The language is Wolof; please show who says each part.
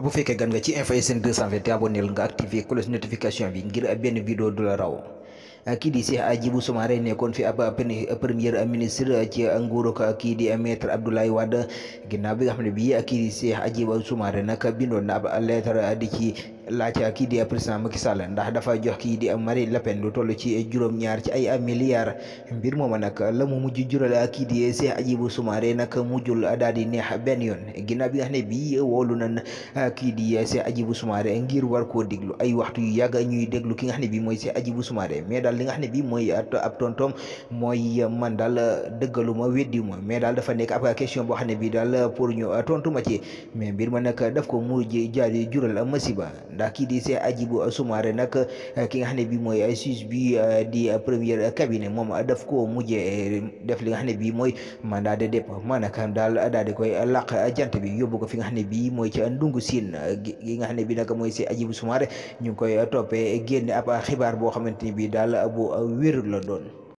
Speaker 1: bu fekkee gan nga ci info SN 221 abonnel nga activé cloche notification bi ngir benn vidéo du la raw kii di Cheikh Hadjibou Soumaré nekkoon fi ab premier ministre ci nguuru kii di maître Abdoulaye Wade ginnaaw bi nga xam ne bii kii di Cheikh Hadjibou Soumaré nag bindoon na ab lettre di ci laajte ak kii di président Macky Sall ndax dafa jox kii di Marine Le Pen lu toll ci juróom-ñaar ci ay milliards mbir mooma nag la mu mujj jural ak kii di Cheikh Hadjibou Soumaré nag mujjul daal di neex benn yoon ginnaaw bi nga ne bii woolu nan kii di Cheikh Hadjibou Soumaré ngir war koo déglu ay waxtu yu yàgg ñuy déglu ki nga xam ne bii mooy Cheikh Hadjibou Soumaré mais daal li nga xam ne bii mooy ab tontoom mooy man daal dëggalu ma weddiwu ma mais daal dafa nekk ab question xam ne bii daal pour ñu tontu ma mais mbir ma nag daf ko mujj jaari jural masiba ndax kii di see Hadjibou Soumaré nag eh, ki nga xam ne bii mooy eh, juge bi eh, di premier cabinet moom a daf koo mujjee def li nga xam ne bii mooy mandat de dépôt maanaam daal daal di koy laq jant bi yóbbu ko fi nga xam ne bii mooy ca Ndungu Siin gi nga xam ne bii nag mooy see Hadjibou Soumaré ñu ngi koy toppee génne ab xibaar boo xamante ni bii daal bu wérul la doon.